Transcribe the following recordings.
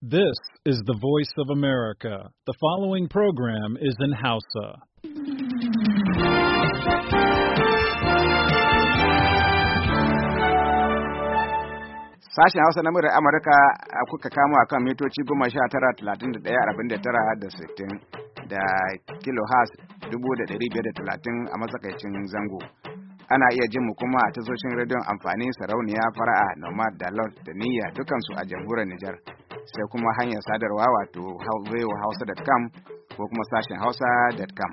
This is the voice of America. The following program is in Hausa. Sashen Hausa na murar Amurka kuka kamo a kan mitoci goma sha tara talatin da ɗaya arba'in da tara da sittin da kilohas dubu da ɗari biyar da talatin a matsakaicin zango. ana iya jin mu kuma a tasoshin rediyon amfani sarauniya fara'a nomad da lord da niyya dukansu a jamhuriyar Nijar sai kuma hanyar sadarwa wato Hauve-Hausa.com ko kuma sashen hausa.com.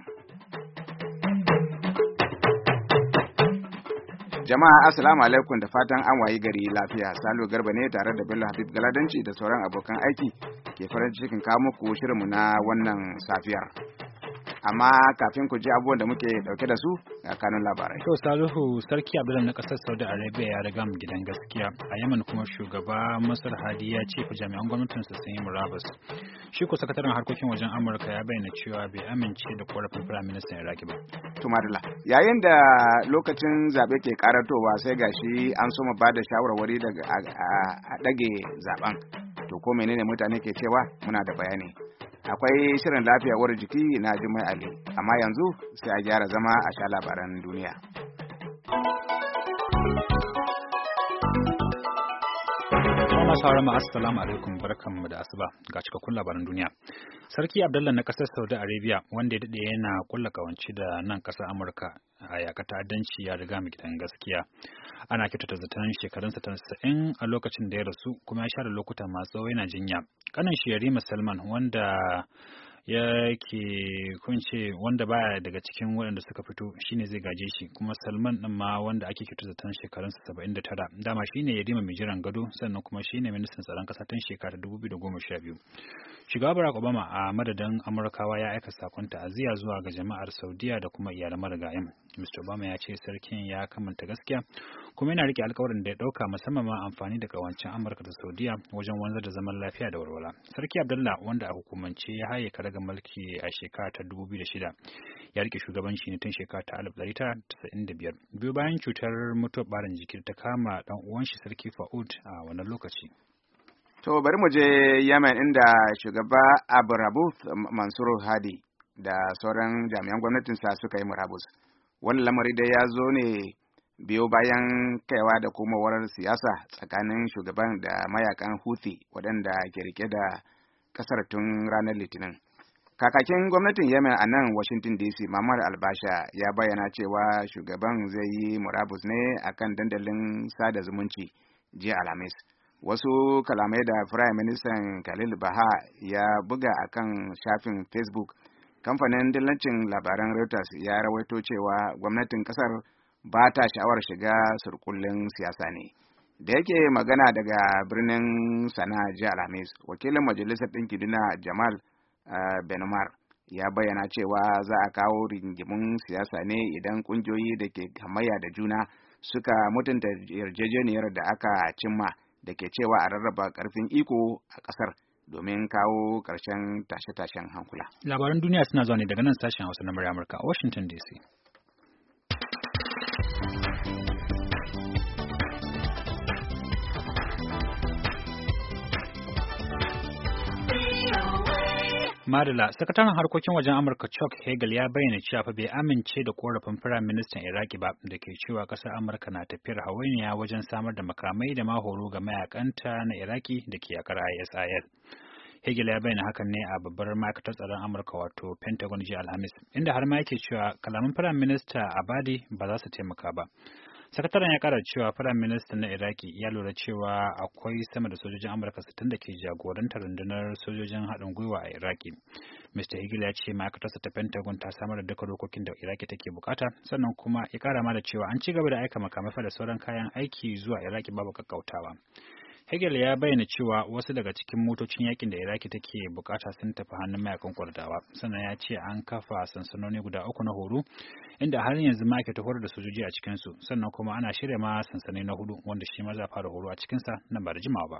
Jama'a Assalamu alaikum da fatan an wayi gari lafiya Salo Garba ne tare da Bello Habib Galadanci da sauran abokan aiki ke farin cikin kawo muku shirinmu na wannan safiyar. amma kafin ku ji abubuwan da muke dauke da su ga kanun labarai. To Salihu Sarki Abdullah na kasar Saudi Arabia ya riga mu gidan gaskiya a Yaman kuma shugaba Masar Hadi ya ce jami'an gwamnatin su sun yi murabus. Shi ko sakataren harkokin wajen Amurka ya bayyana cewa bai amince da korafin prime minister Iraki ba. To yayin da lokacin zabe ke karatowa sai gashi an soma ba da shawarwari daga a ɗage zaben To ko menene mutane ke cewa muna da bayani. akwai shirin lafiya jiki na jimai ali amma yanzu sai a gyara zama a sha labaran duniya sauran ma assalamu alaikum barkanmu da asuba ga cikakkun labaran duniya sarki abdullah na ƙasar saudi arabia wanda ya daɗe yana kulla kawance da nan ƙasar amurka a yaƙa ta'addanci ya riga mu gidan gaskiya ana kyautata zaton shekarunsa tasa'in a lokacin da ya rasu kuma ya share lokuta masu yana jinya kanin shi musalman salman wanda yake kunce wanda baya daga cikin waɗanda suka fito shine zai gaje shi kuma salman din ma wanda ake kito zaton shekarunsa saba'in da tara dama shine ya dima mai jiran gado sannan kuma shine ministan tsaron kasa tan shekara dubu biyu da sha biyu shugaba barack obama a madadin amurkawa ya aika sakon ta'aziyya zuwa ga jama'ar saudiya da kuma iyalan marigayen mr obama ya ce sarkin ya kamanta gaskiya kuma yana rike alkawarin da ya dauka musamman ma amfani da kawancin Amurka da Saudiya wajen wanzar da zaman lafiya da walwala. Sarki Abdullah wanda a hukumance ya haye ga mulki a shekara ta 2006 ya rike shugabanci ne tun shekara ta 1995 biyu bayan cutar mutuwar barin jiki ta kama dan uwan shi Sarki Fa'ud a wannan lokaci. To bari mu je Yemen inda shugaba Aburabuth Mansur Hadi da sauran jami'an gwamnatinsa suka yi murabus. wani lamari dai ya zo ne biyo bayan kaiwa da komawar siyasa tsakanin shugaban da mayakan Houthi waɗanda ke rike da ƙasar tun ranar Litinin. Kakakin gwamnatin Yemen a nan Washington DC Mamar Albasha ya bayyana cewa shugaban zai yi murabus ne a kan dandalin sada zumunci jiya Alhamis. Wasu kalamai da Firayim Ministan Khalil Baha ya buga a kan shafin Facebook. Kamfanin dillancin labaran Reuters ya rawaito cewa gwamnatin kasar ba ta sha'awar shiga surkullin siyasa ne da yake magana daga birnin sana'a jiya alhamis wakilin majalisar ɗinki duna jamal eh, benumar ya bayyana cewa za a kawo rigimin siyasa ne idan ƙungiyoyi da ke hamayya da juna suka mutunta yarjejeniyar da aka cimma da ke cewa a rarraba ƙarfin iko a ƙasar domin kawo ƙarshen tashe-tashen hankula. Labaran duniya suna zuwa ne daga nan sashen Hausa na Amurka a Washington DC. Madala, sakataren harkokin wajen Amurka Chuck Hagel ya bayyana cewa fa bai amince da korafin firayim ministan Iraki ba da ke cewa ƙasar Amurka na tafiyar hawainiya wajen samar da makamai da mahoro ga mayakanta na Iraki da ke yakar ISIS. Hegel ya bayyana hakan ne a babbar ma'aikatar tsaron Amurka wato Pentagon jiya Alhamis, inda har ma yake cewa kalaman Firayim Minista Abadi ba za su taimaka ba. sakataren ya kara cewa firayim minista na iraki ya lura cewa akwai sama da sojojin amurka 60 da ke jagorantar rundunar sojojin haɗin gwiwa a iraki mr higil ya ce ma'aikatarsa ta pentagon ta samar da duka dokokin da iraki take bukata sannan kuma ya kara ma da cewa an ci gaba da aika makamai da sauran kayan aiki zuwa iraki babu kakkautawa Hegel ya bayyana cewa wasu daga cikin motocin yakin da Iraki take bukata sun tafi hannun mayakan Kurdawa, sannan ya ce an kafa sansanoni guda uku na horo, inda har yanzu ma ake horar da sojoji a cikin su sannan kuma ana shirya ma sansanoni na hudu wanda shi ma za fara horo a cikin sa nan ba da jimawa ba.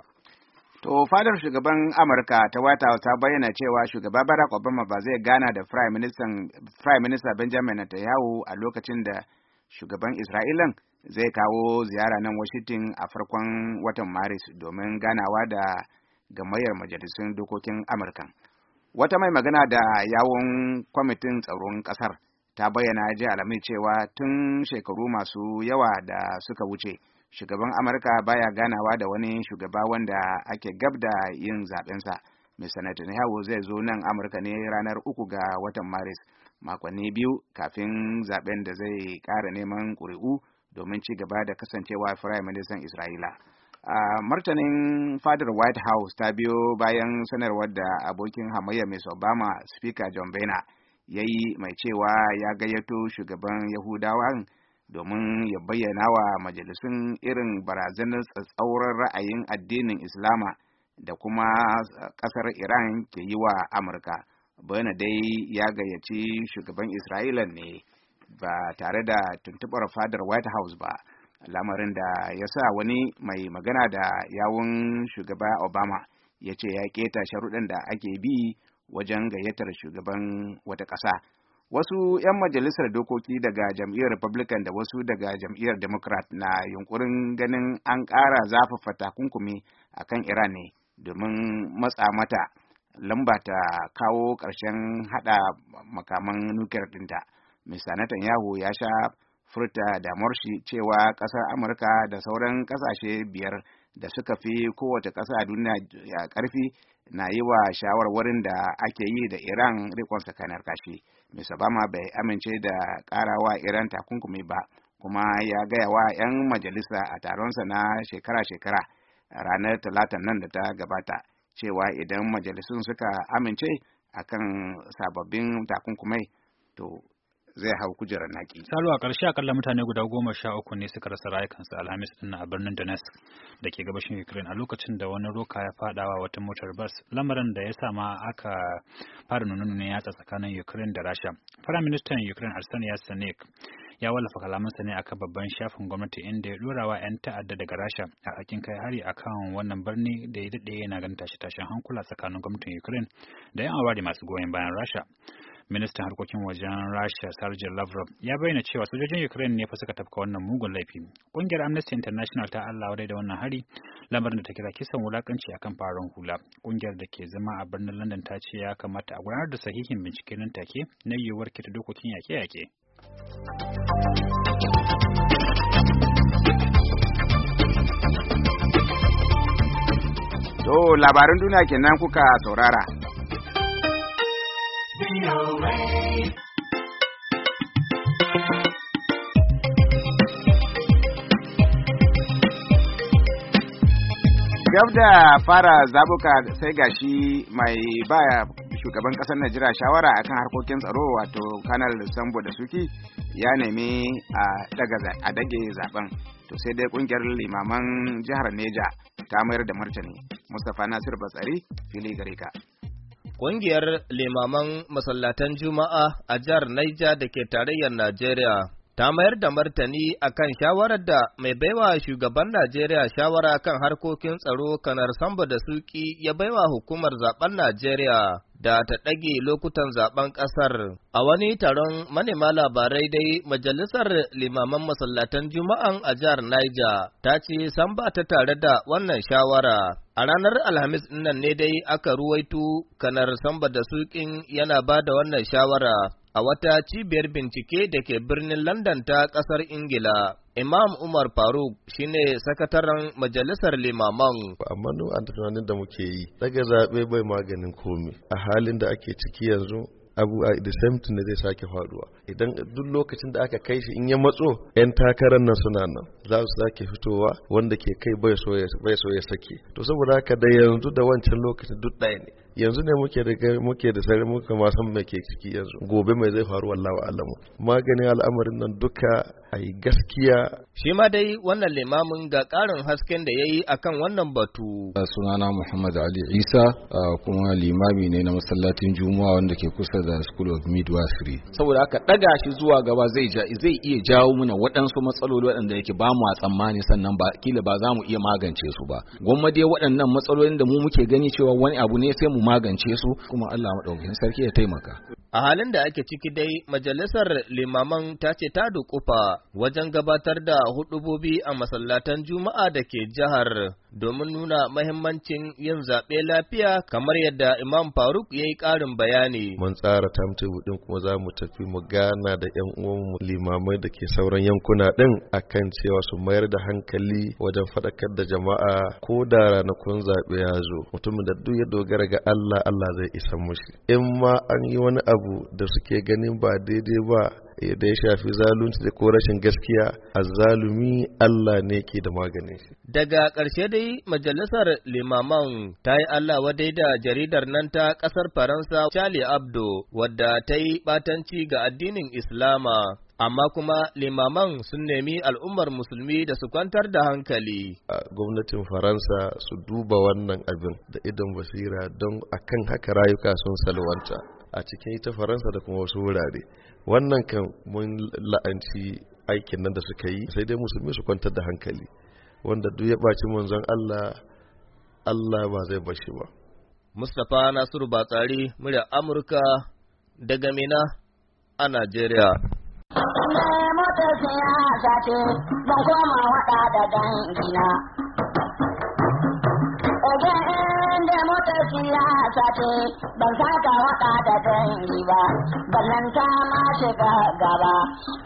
To fadar shugaban Amurka ta White House ta bayyana cewa shugaba Barack Obama ba zai gana da Prime Minister Benjamin Netanyahu a lokacin da shugaban isra'ilan zai kawo ziyara nan washington a farkon watan maris domin ganawa da gamayyar majalisun dokokin amurka wata mai magana da yawon kwamitin tsaron Ƙasar ta bayyana ji alami cewa tun shekaru masu yawa da suka wuce shugaban amurka baya ganawa da wani shugaba wanda ake gab da yin zaɓensa mai netanyahu zai zo nan amurka ne ranar uku ga watan maris makonni biyu kafin zaben da zai ƙara neman ƙuri'u domin ci gaba da kasancewa firayim ministan isra'ila a martanin fadar white house ta biyo bayan sanarwar da abokin hamayya mai obama speaker john bena ya yi mai cewa ya gayyato shugaban yahudawa domin ya bayyana wa majalisun irin barazanar tsatsauran ra'ayin addinin islama da kuma ƙasar iran ke yi wa amurka bana dai ya gayyaci shugaban isra'ila ne ba tare da tuntubar fadar white house ba lamarin da ya sa wani mai magana da yawun shugaba obama ya ce ya keta sharuɗin da ake bi wajen gayyatar shugaban wata ƙasa wasu 'yan majalisar dokoki daga jam'iyyar republican da wasu daga jam'iyyar democrat na yunkurin ganin an ƙara zafafa takunkumi a kan iran ne domin matsa mata lamba ta kawo ƙarshen haɗa makaman nukiyar ɗinta. Mista Netanyahu ya sha furta damuwar shi cewa ƙasar Amurka da sauran ƙasashe biyar da suka fi kowace ƙasa a duniya a ƙarfi na yi wa shawarwarin da ake yi da Iran rikon sakanar kashi. Mista Obama bai amince da ƙarawa Iran takunkumi ba, kuma ya gaya wa 'yan majalisa a taronsa na shekara-shekara ranar talatan nan da ta gabata. cewa idan majalisun suka amince akan sababbin takunkumai to zai hau kujerar naki. Salwa a ƙarshe akalla mutane guda goma sha uku ne suka rasa rayukansu Alhamis din a birnin Donetsk da ke gabashin Ukraine a lokacin da wani roka ya fadawa wata motar bas lamarin da ya sa ma aka fara nuna yatsa tsakanin Ukraine da Rasha. Firaministan Ukraine Arseniy Yatsenyuk ya wallafa kalamansa ne akan babban shafin gwamnati inda ya dora wa 'yan ta'adda daga rasha a hakin kai hari akan wannan birni da ya daɗe yana ganin tashe-tashen hankula tsakanin gwamnatin ukraine da 'yan awari masu goyon bayan rasha ministan harkokin wajen rasha sergei lavrov ya bayyana cewa sojojin ukraine ne fa suka tafka wannan mugun laifi kungiyar amnesty international ta allah wadai da wannan hari lamarin da ta kira kisan wulakanci akan farin hula kungiyar da ke zama a birnin london ta ce ya kamata a gudanar da sahihin bincike nan take na yiwuwar kita dokokin yake-yake. To labarun duniya kenan kuka saurara. Gab da fara zabuka sai gashi mai baya shugaban kasar najeriya shawara akan harkokin tsaro wato kanal sambo da suki ya nemi a dage zaben to sai dai kungiyar limaman jihar neja ta mayar da martani mustapha nasir batsari fili gare ka Ƙungiyar limaman masallatan Juma'a a jihar Niger da ke tarayyar Najeriya ta mayar da martani akan shawarar da mai baiwa shugaban Najeriya shawara kan harkokin tsaro kanar Sambo da Suki ya baiwa hukumar zaben Najeriya da ta ɗage lokutan zaben ƙasar. A wani taron manema labarai dai majalisar limaman masallatan Juma'an a jihar Niger ta ce san ba ta tare da wannan shawara. A ranar Alhamis nan ne dai aka ruwaito kanar samba da sukin yana ba da wannan shawara a wata cibiyar bincike da ke birnin London ta ƙasar Ingila. Imam Umar Faruk shine sakataren majalisar limaman. Amma nu a tunanin da muke yi, daga zaɓe bai maganin komi a halin da ake ciki yanzu abu a the same thing da zai sake faduwa idan duk lokacin da aka kai shi in ya matso yan takarar nan suna nan za su sake fitowa wanda ke kai bai so ya sake to saboda haka da yanzu da wancan lokacin duk ɗaya ne yanzu ne muke da muke da sare muka ma san me ke ciki yanzu gobe mai zai faru wallahi alamu maganin al'amarin nan duka ai gaskiya. Shi ma dai wannan limamin ga ƙarin hasken da ya yi a kan wannan batu. Sunana Muhammad Ali Isa kuma limami ne na masallacin Juma'a wanda ke kusa da School of Midwifery. Saboda aka ɗaga shi zuwa gaba zai zai iya jawo mana waɗansu matsaloli waɗanda yake ba mu a tsammani sannan ba kila ba za mu iya magance su ba. Gwamma dai waɗannan matsalolin da mu muke gani cewa wani abu ne sai mu magance su kuma Allah maɗaukakin sarki ya taimaka. A halin da ake ciki dai majalisar limaman ta ce ta dukufa wajen gabatar da hudubobi a masallatan Juma'a da ke jihar domin nuna mahimmancin yin zaɓe lafiya kamar yadda Imam Faruk ya yi ƙarin bayani. Mun tsara timetable ɗin kuma za mu tafi mu gana da 'yan uwanmu limamai da ke sauran yankuna ɗin akan cewa su mayar da hankali wajen faɗakar da jama'a ko da ranakun zaɓe ya zo mutumin da duk ya dogara ga Allah Allah zai isa mushi in ma an yi wani abu da suke ganin ba daidai ba da ya shafi zalunci ko rashin gaskiya zalumi Allah ne ke da magani. shi daga ƙarshe dai majalisar limaman ta yi Allah wadai da jaridar nan ta ƙasar Faransa Charlie Abdo wadda ta yi batanci ga addinin Islama amma kuma limaman sun nemi al'ummar musulmi da su kwantar da hankali. A gwamnatin Faransa su duba wannan abin da idan basira don a kan haka rayuka sun salwanta a cikin ita Faransa da kuma wasu wurare. wannan kan mun la'anci aikin nan da suka yi sai dai musulmi su kwantar da hankali wanda duk ya ɓaci manzon Allah Allah ba zai bashi ba Mustapha Nasiru Batsari murya Amurka daga Mina a Najeriya Ogun siyasa ce ban saka wada da dangi ba ballanta ma shiga gaba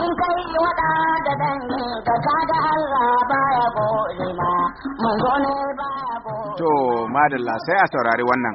in kai wada da dangi ka kada Allah baya gode ma mun zo baya gode to madalla sai a saurari wannan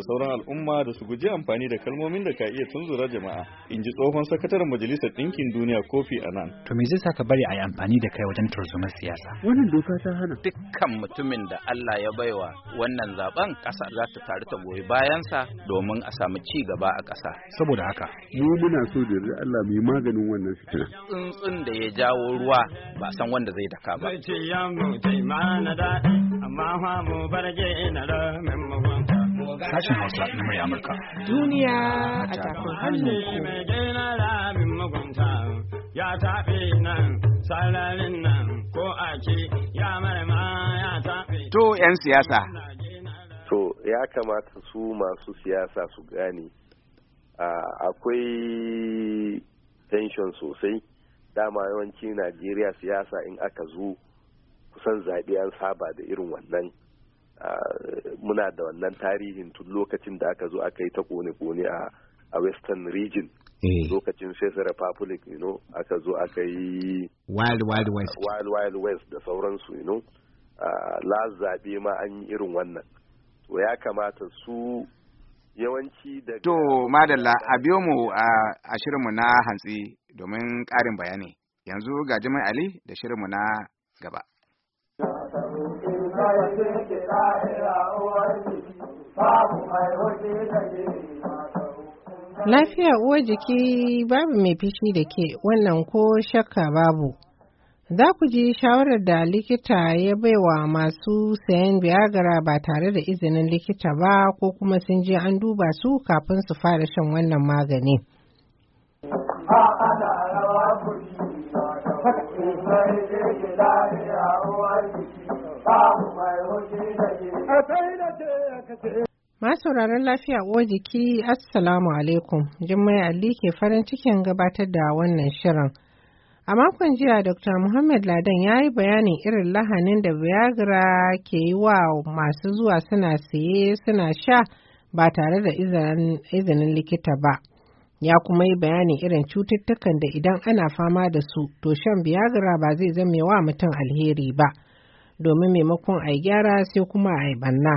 da sauran al'umma da su guji amfani da kalmomin da ka iya tunzura jama'a in ji tsohon sakataren majalisar ɗinkin duniya kofi nan. to me zai sa ka bari a yi amfani da kai wajen tarzomar siyasa wannan doka ta hana dukkan mutumin da Allah ya baiwa wannan zaben ƙasa za ta taru ta goyi bayansa domin a samu ci gaba a ƙasa saboda haka mu muna so da Allah mai maganin wannan fitina tsuntsun da ya jawo ruwa ba san wanda zai daka ba na amma mu barge na ramin mu sashen Hausa na murya Amurka. Duniya a tafin hannun ku. Ya tafi nan, sararin nan, ko a ce ya marama ya tafi. To 'yan siyasa. To ya kamata su masu siyasa su gane akwai tension sosai dama yawanci Najeriya siyasa in aka zo kusan zaɓe an saba da irin wannan muna da wannan tarihin tun lokacin da aka zo aka yi ta kone-kone a western region eh. lokacin Fesa Republic, you know, aka zo aka yi Wild Wild West. Wild Wild West da sauransu, you la zaɓe ma an yi irin wannan. To ya kamata su yawanci da To, madalla, a biyo mu a shirinmu na hantsi domin ƙarin bayani. Yanzu ga Jimai Ali da shirinmu na gaba. Lafiya uwar jiki babu mai fishi da ke wannan ko shakka babu. Za ku ji shawarar da likita ya baiwa masu sayan biyagara ba tare da izinin likita ba ko kuma sun je an duba su kafin su fara shan wannan magani. Ba ana rawa sauraron lafiya uwa jiki assalamu alaikum jummai ali ke farin cikin gabatar da wannan shirin a makon jiya dr muhammad ladan ya yi bayanin irin lahanin da viagra ke yi wa masu zuwa suna siye suna sha ba tare da izinin likita ba ya kuma yi bayanin irin cututtukan da idan ana fama da su to shan viagra ba zai zame wa mutum alheri ba. domin maimakon a gyara sai kuma a banna.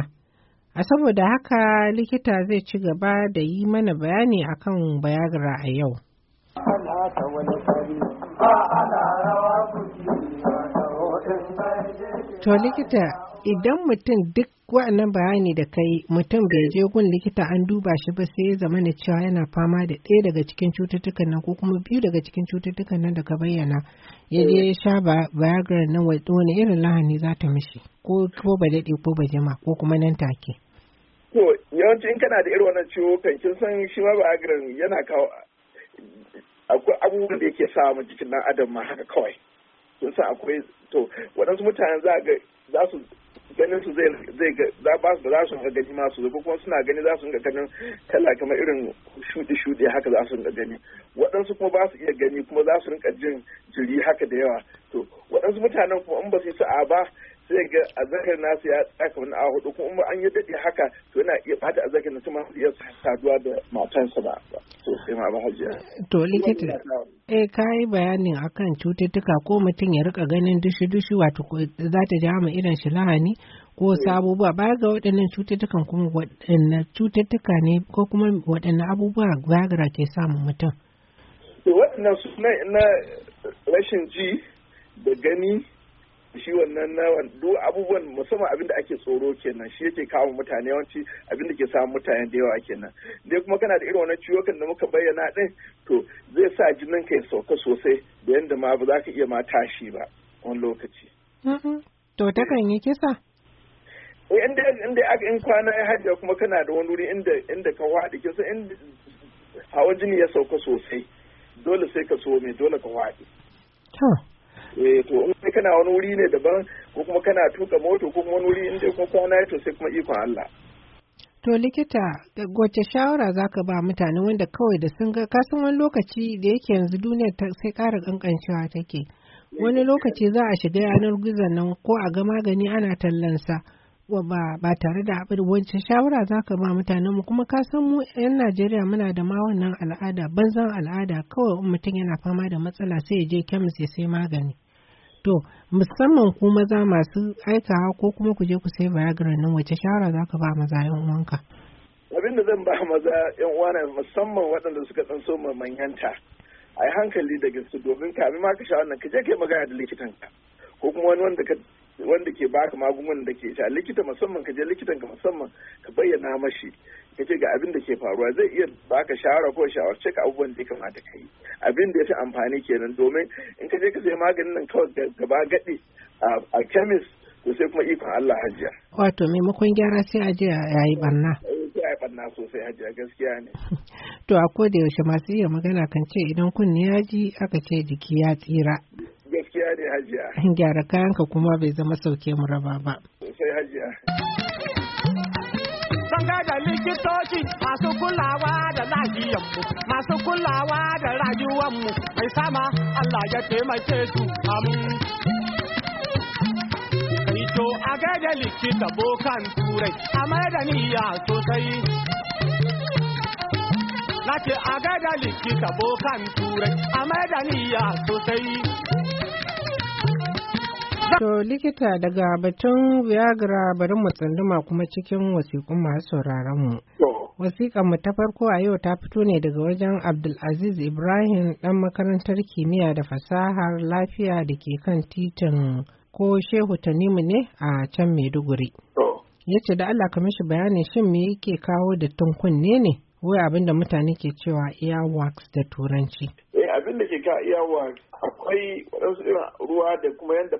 A saboda haka likita zai ci gaba da yi mana bayani akan bayagra a yau. To likita idan mutum duk waɗannan bayani da kai mutum bai je gun likita an duba shi ba sai ya zama na cewa yana fama da ɗaya daga cikin cututtukan nan ko kuma biyu daga cikin cututtukan nan da ka bayyana ya je ya sha viagra nan wani irin lahani za ta mishi ko ko ba daɗe ko ba jima ko kuma nan take. to yawanci in kana da irin wannan ciwo kan kin san shi ma viagra yana kawo akwai abubuwan da yake sa jikin ɗan adam ma haka kawai kin san akwai to waɗansu mutanen za ga za su ganin su zai zai ba su za su ga gani su ko kuma suna gani za su ga ganin kala kamar irin shudi shudi haka za su ga gani waɗansu kuma ba su iya gani kuma za su rinka jin jiri haka da yawa to waɗansu mutanen kuma in ba su yi ba sai ga azakar nasu ya tsaka wani a hudu kuma an yi daɗe haka to yana iya bata azakar nasu ma iya saduwa da matansa ba sai ma ba hajiya. To likita eh ka yi bayanin akan cututtuka ko mutum ya rika ganin dushi-dushi wato za ta ja ma irin shi lahani ko sabo eh. ba baya ga waɗannan cututtukan kuma waɗannan cututtuka ne ko kuma waɗannan abubuwa gagara ke samun mutum. To waɗannan su na rashin ji da gani shi wannan na duk abubuwan musamman abin da ake tsoro kenan shi yake kawo mutane yawanci abin da ke samun mutane da yawa kenan dai kuma kana da irin wannan ciwokan da muka bayyana din to zai sa jinin ka ya sauka sosai da yanda ma ba za ka iya ma tashi ba wani lokaci. To takan yi kisa? Inda eh, inda aka in kwana ya hajja kuma kana da wani wuri inda inda ka waɗi kisa inda hawan jini ya sauka sosai dole sai ka so mai dole ka waɗi. eh to in kai kana wani wuri ne daban ko kuma kana tuka moto ko kuma wani wuri inda kuma kwana to sai kuma ikon Allah To likita, wace shawara za ka ba mutane wanda kawai da sun ga kasan wani lokaci da yake yanzu duniya sai ƙara kankancewa take. Wani lokaci za a shiga yanar gizon nan ko a ga magani ana tallansa ba, ba tare da abin wancan shawara za ka ba mutane mu kuma kasan mu 'yan Najeriya muna da ma wannan al'ada banzan al'ada kawai mutum yana fama da matsala sai ya je kemis ya sai magani. To, musamman ku maza masu aikawa ko kuma ku je ku sai Viagra nan wace shawara za ka ba maza yan uwanka? Abinda zan ba maza yan uwana musamman waɗanda suka san so manyanta. A yi hankali da su domin kafin ma ka sha wannan ka je kai magana da likitanka ko kuma wani wanda ka wanda ke baka magungunan da ke sha likita musamman ka je likitan ka musamman ka bayyana mashi ka ce ga abin da ke faruwa zai iya baka shawara ko shawarce ka abubuwan da ya kamata ka yi abin da ya fi amfani kenan domin in ka je ka sai maganin nan kawai gaba gaɗe a chemist to sai kuma ikon Allah hajiya. Wato maimakon gyara sai a je a yi barna. Eh, barna sosai hajiya gaskiya ne. To a koda yaushe masu iya magana kan ce idan kunni ya ji aka ce jiki ya tsira. Gaskiya ne hajiya. Gyara kayanka kuma bai zama sauke mu raba ba. Sai hajiya. Zanga da likitoci masu kulawa da lahiyanmu, masu kulawa da rayuwanmu, mai sama Allah ya taimake su amin. to a gaida likita bokan turai a da niyya sosai na ce a gaida likita bokan turai a da niyya sosai To likita daga batun Viagra bari mu tsunduma kuma cikin wasiƙun masu sauraron mu. Wasiƙan mu ta farko a yau ta fito ne daga wajen Abdulaziz Ibrahim ɗan makarantar kimiyya da fasahar lafiya da ke kan titin ko Shehu Tanimu ne a can Maiduguri. Ya ce da Allah ka mishi bayanin shin me yake kawo da tunkunne ne? Wai abin da mutane ke cewa earwax da turanci. Eh, abin da ke ka earwax akwai waɗansu irin ruwa da kuma yadda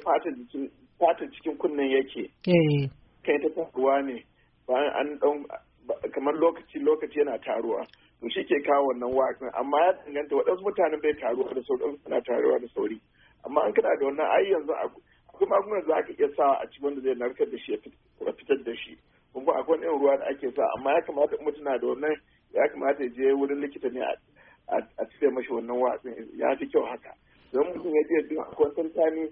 fatan cikin kunnen yake eh. kai ta ruwa ne bayan an ɗan kamar lokaci lokaci yana taruwa to shi ke kawo wannan waƙin amma ya danganta waɗansu mutanen bai taruwa da sauri suna taruwa da sauri amma an kana da wannan ai yanzu akwai magungunan za ka iya sawa a cikin wanda zai narkar da shi ya fitar da shi kuma akwai irin ruwa da ake sa amma ya kamata mutum na da wannan ya kamata ya je wurin likita ne a cire mashi wannan watsin ya fi kyau haka don mutum ya je duk kwantar tani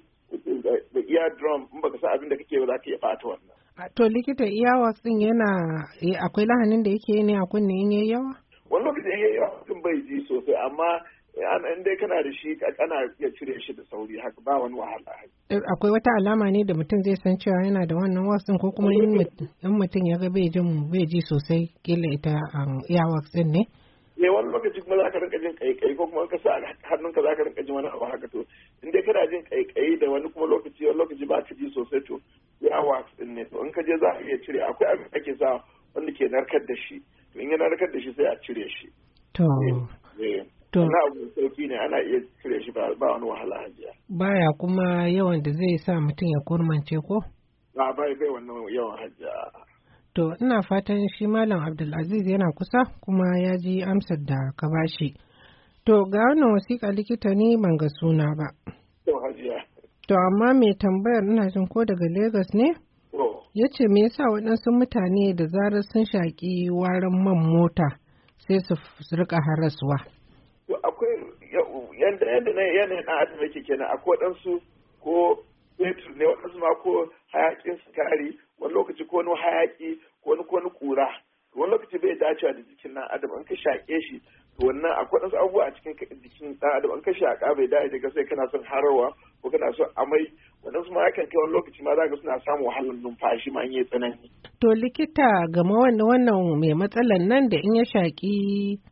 da iya drum in baka sa abin da kake ba za ka iya bata wannan. To likita iya din yana eh, akwai lahanin da yake ne a kunne in yayi yawa? Wani lokaci in yayi yawa mutum bai ji sosai amma eh, in dai kana da shi kana iya cire shi da sauri haka ba wani wahala. Eh, akwai wata alama ne da mutum zai san cewa yana da wannan wasin ko kuma in mutum ya ga bai jin bai ji sosai kila ita iya um, din ne? ne wani lokaci kuma za ka rinka jin kaikayi ko kuma ka sa hannunka za ka rinka jin wani abu haka to in dai kana jin kaikayi da wani kuma lokaci wani lokaci ba ka ji sosai to ya wax din ne to in ka je za a iya cire akwai abin da ake sa wanda ke narkar da shi to in ya narkar da shi sai a cire shi to eh, eh. to na abu sauki ne ana iya cire shi ba wani wahala hajiya baya kuma yawan da zai sa mutum ya kurmance ko ba bai bai wannan yawan hajiya To ina fatan shi Malam Abdulaziz yana kusa kuma ya ji amsar da ka bashi. To ga wannan wasiƙa likita ne ban ga suna ba. To hajiya. To amma mai tambayar ina jin ko daga Legas ne? Ya ce me yasa waɗansu mutane da zarar sun shaƙi warin man mota sai su rika harasuwa. Akwai yadda yadda na yanayin na adam kenan akwai waɗansu ko ne waɗansu ma ko hayaƙin sukari wani lokaci ko wani hayaki ko wani ko wani kura wani lokaci bai dacewa da jikin nan, adam an ka shaƙe shi to wannan akwai wasu abubuwa a cikin jikin dan adam an ka shaƙa bai dace daga sai kana son harawa ko kana son amai wannan su ma yakan kai wani lokaci ma za ka suna samun wahalar numfashi ma yi tsanani. to likita game wannan wannan mai matsalan nan da in ya shaƙi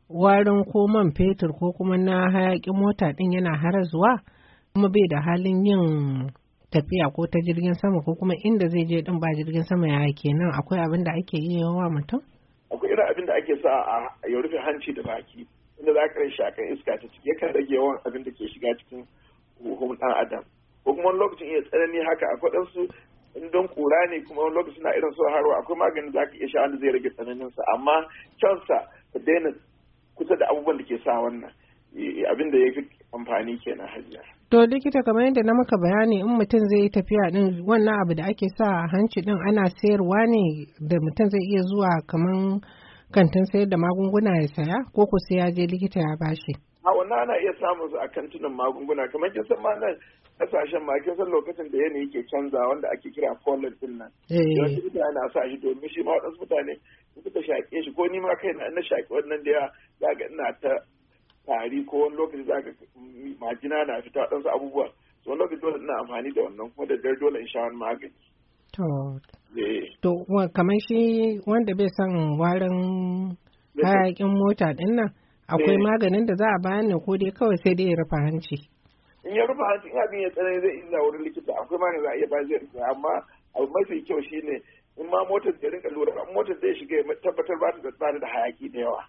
warin ko man fetur ko kuma na hayaƙin mota ɗin yana harazuwa kuma bai da halin yin tafiya ko ta jirgin sama ko kuma inda zai je din ba jirgin sama ya kenan akwai abin da ake iya wa mutum akwai irin abin da ake sa a ya rufe hanci da baki inda za ka rai shi iska ta ciki yakan rage yawan abin da ke shiga cikin huhun dan adam ko kuma lokacin iya tsanani haka akwai su in don kura ne kuma wani lokacin na irin su harwa akwai maganin za ka iya sha wanda zai rage tsananin sa amma sa ka daina kusa da abubuwan da ke sa wannan abin da ya fi amfani kenan hajiya To likita kamar yadda na maka bayani in mutum zai yi tafiya din wannan abu da ake sa a hanci din ana sayarwa ne da mutum zai iya zuwa kamar kantin sayar da magunguna ya saya ko ku sai ya je likita ya bashi. A wannan ana iya samun su a kantunan magunguna kamar kin san ma nan kasashen ma kin san lokacin da yanayi ke canza wanda ake kira pollen din nan. Yawanci eh. mutane na sa shi domin shi ma wasu mutane suka shaƙe shi ko ni ma kai na shaƙi wannan da ya ga ina ta tari ko wani lokaci za ka majina na fita ɗansu abubuwa so wani lokaci dole ina amfani da wannan kuma da dare dole in sha wani magani. To, eh. to kamar shi wanda bai son warin hayakin mota ɗin nan akwai eh. maganin da za a bayan ne ko dai kawai sai dai ya rufe hanci. In ya rufe hanci ina abin ya tsanani zai illa wurin likita akwai maganin za a iya bayan zai rufe amma abu mafi kyau shi ne in ma motar da rinka lura motar zai shiga ya tabbatar ba ta da hayaki da yawa.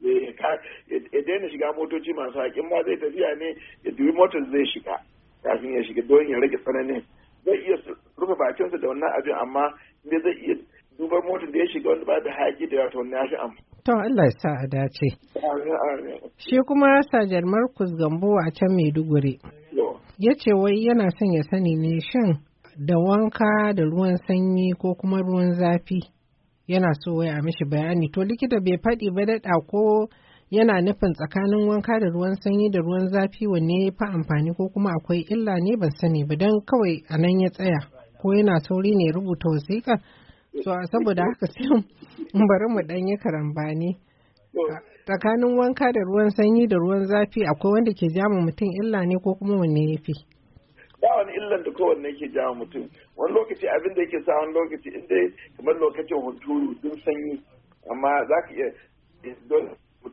Eh, ya daina shiga motoci masu haƙin ba zai tafiya ne ya dubi motar zai shiga kafin ya shiga don ya rage tsananin zai iya rufe bakinsa da wannan abin amma ne zai iya dubar motar da ya shiga wanda ba da haƙi da wato wani ya amma. amfani. To Allah ya sa a dace. Shi kuma Sajar Markus Gambo a can Maiduguri. Ya ce wai yana son ya sani ne shan da wanka da ruwan sanyi ko kuma ruwan zafi yana so wai a mishi bayani to likita bai faɗi ba daɗa ko yana nufin tsakanin wanka da ruwan sanyi da ruwan zafi wanne ya fi amfani ko kuma akwai illa ne ban sani ba don kawai a nan ya tsaya ko yana sauri ne rubuta wasiƙa to saboda haka sai bari mu ɗan yi karambani tsakanin wanka da ruwan sanyi da ruwan zafi akwai wanda ke jama mutum illa ne ko kuma wanne ya fi ba wani illan da kowanne ke jama mutum wani lokaci abin da yake sa wani lokaci in dai kamar lokacin hunturu sun sanyi amma za ka iya eh,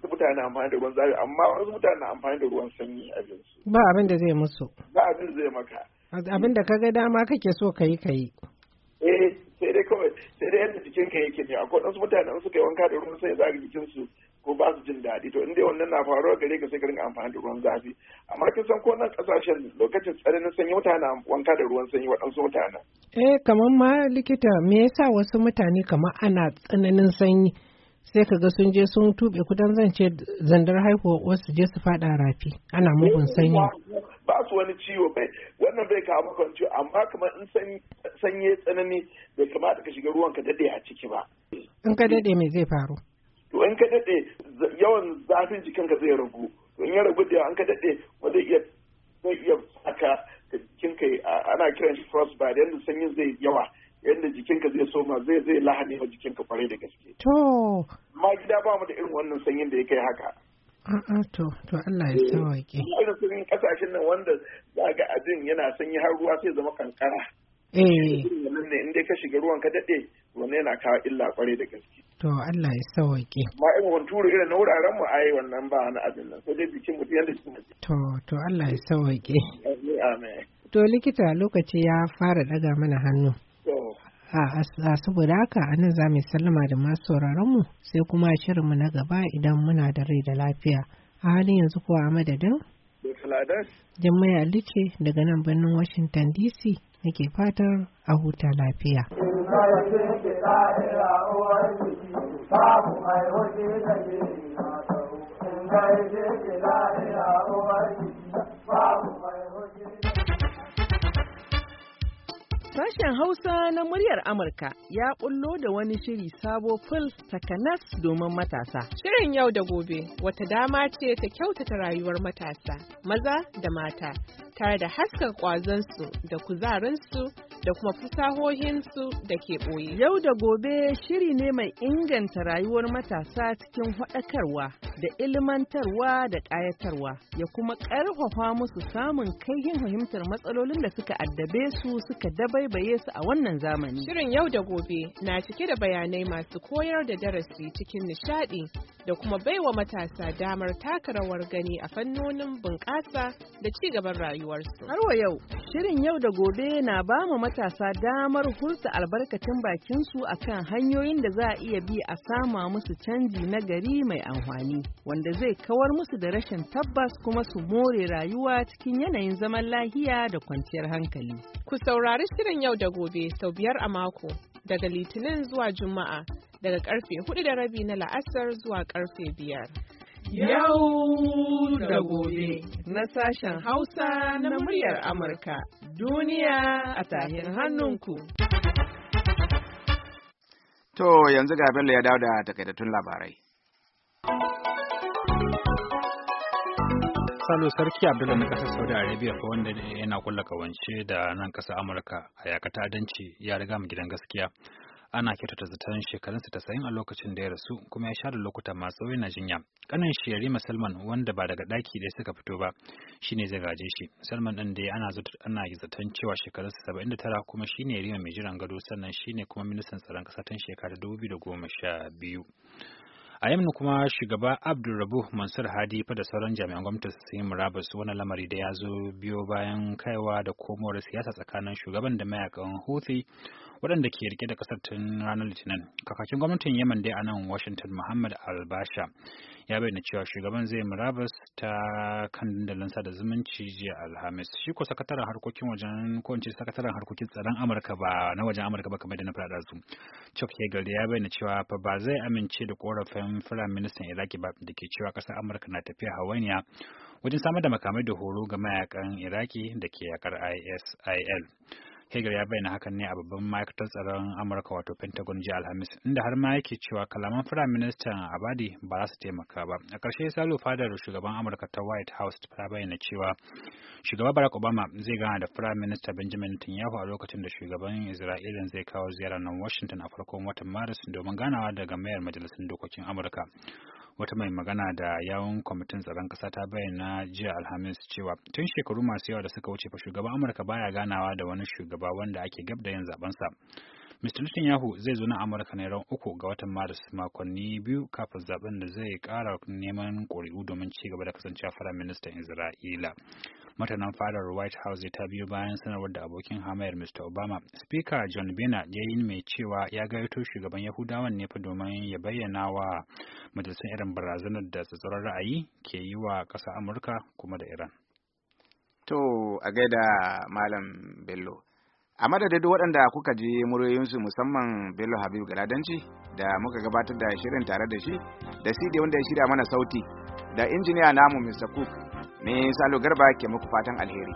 mutane amfani da ruwan zafi amma wasu mutane na amfani da ruwan sanyi a jinsu. Ba abin da zai musu. Ba abin da zai maka. Abin da ka ga dama kake so ka yi ka yi. Eh sai dai kawai sai dai yadda jikinka yake ne akwai wasu mutane in suka yi wanka da ruwan sanyi za ka jikinsu ko ba su jin daɗi to inda wannan na faruwa gare ka sai ka rinka amfani da ruwan zafi amma kin san ko nan kasashen lokacin tsananin sanyi mutane na wanka da ruwan sanyi waɗansu mutanen. eh kamar ma likita me yasa wasu mutane kamar ana tsananin sanyi sai ka ga sun je sun tuɓe kudan zance zandar haihuwa wasu je su faɗa rafi ana mugun eh, sanyi. ba su wani ciwo bai wannan bai kawo maka ciwo amma kamar in sanyi tsanani bai kamata ka shiga ruwan ka dade a ciki ba. in ka dade me zai faru. to in ka daɗe yawan zafin jikinka zai ragu to in ya ragu da an ka daɗe ba zai iya zai iya saka jikinka ana kiran shi frostbite yadda sanyin zai yawa yadda jikinka zai soma zai zai lahani ma jikinka kwarai da gaske. To. Ma gida ba mu da irin wannan sanyin da ya kai haka. A'a to to Allah ya sauke eh, Irin sanyin kasashen nan wanda za ga abin yana sanyi har ruwa sai zama kankara. Eh. ne in dai ka shiga ruwan ka daɗe wannan yana kawo illa kwarai da gaske to Allah ya sauke ma in hunturu irin na wuraren mu ai wannan ba na abin nan sai dai bikin mutum yanda shi to to Allah ya sauke amin to likita lokaci ya fara daga mana hannu a saboda haka a nan za mu sallama da masu sauraronmu sai kuma shirinmu na gaba idan muna da rai da lafiya a halin yanzu kuwa a madadin jimmai alice daga nan birnin washington dc nake fatar a huta lafiya. Sashen Hausa na muryar Amurka ya ƙullo da wani shiri sabo fil takanas domin matasa. Shirin yau da gobe wata dama ce ta kyautata rayuwar matasa, maza da mata. tare da haskar kwazonsu da kuzarinsu da kuma fasahohinsu da ke ɓoye. Yau da gobe shiri ne mai inganta rayuwar matasa cikin haɗakarwa da ilmantarwa da ƙayatarwa ya kuma ƙarfafa musu samun kaihin fahimtar matsalolin da suka addabe su suka dabaibaye su a wannan zamani. Shirin yau da gobe na cike da bayanai masu koyar da darasi cikin nishaɗi da kuma baiwa matasa damar taka rawar gani a fannonin bunƙasa da ci gaban rayuwarsu. Har wa yau, shirin yau da gobe na ba mu matasa damar hulsa albarkacin bakinsu akan hanyoyin da za a iya bi a sama musu canji na gari mai amfani. wanda zai kawar musu da rashin tabbas kuma su more rayuwa cikin yanayin zaman lahiya da kwanciyar hankali. Ku saurari shirin yau da gobe sau biyar a mako daga litinin zuwa juma'a daga karfe hudu da rabi na la'asar zuwa karfe biyar. Yau da gobe na sashen Hausa na muryar Amurka duniya a tahin hannunku. To yanzu ga Bello ya dawo da takaitattun labarai. Salo Sarki Abdullahi na kasar Saudi Arabia fa wanda yana kulla kawance da nan kasar Amurka a yakata adanci ya riga mu gidan gaskiya. Ana kyautata zaton shekarunsa ta sayin a lokacin da ya rasu kuma ya sha da lokuta masu tsawo na jinya. kanin shi Yarima Salman wanda ba daga daki da suka fito ba shine zai gaje shi. Salman din da ana ana zaton cewa shekarunsa 79 kuma shine Yarima mai jiran gado sannan shine kuma ministan tsaron kasa tun shekara biyu. a yamma kuma shugaba abdulrabu mansur hadi fa da sauran jami'an gwamnati sun yi murabus wani lamari da ya zo biyo bayan kaiwa da komowar siyasa tsakanin shugaban da mayakan houthi waɗanda ke rike da kasar tun ranar litinin kakakin gwamnatin yaman dai a nan washington muhammad albasha ya bayyana cewa shugaban zai murabus ta kan dandalin sada zumunci jiya alhamis shi ko sakataren harkokin wajen ko sakataren harkokin tsaron amurka ba na wajen amurka ba kamar da na faɗa su chuck hegel ya bayyana cewa fa ba zai amince da korafin firayim ministan iraki ba da ke cewa ƙasar amurka na tafiya hawainiya wajen samar da makamai da horo ga mayakan iraki da ke yakar isil Hegel ya bayyana hakan ne a babban ma'aikatar tsaron Amurka wato Pentagon ji Alhamis, inda har ma yake cewa kalaman Firayim Ministan Abadi ba za su taimaka ba. A ƙarshe Salo fadar shugaban Amurka ta White House ta bayyana cewa shugaba Barack Obama zai gana da Firayim Minista Benjamin Netanyahu a lokacin da shugaban Isra'ila zai kawo ziyara nan Washington a farkon watan Maris domin ganawa daga gamayar majalisun dokokin Amurka. wata mai magana da yawon kwamitin tsaron ƙasa ta bayyana jiya alhamis cewa tun shekaru masu yawa da suka wuce fa shugaban amurka baya ganawa da wani shugaba wanda ake gab da yin zabensa Mr. Netanyahu zai zo na Amurka ne ran uku ga watan Maris makonni biyu kafin zaben da zai kara neman ƙuri'u domin ci gaba da kasancewa fara ministan Isra'ila. Matanan fadar White House ta biyo bayan sanarwar da abokin hamayar Mr. Obama. Speaker John Bina ya yi mai cewa ya gayyato shugaban Yahudawan ne fa domin ya bayyana wa majalisar irin barazanar da tsatsauran ra'ayi ke yi wa ƙasa Amurka kuma da Iran. To a gaida Malam Bello. a madadin waɗanda kuka ji muryoyinsu musamman bello habib galadanci da muka gabatar da shirin tare da shi da cd wanda ya shirya mana sauti da injiniya namu mr cook ne salo garba ke muku fatan alheri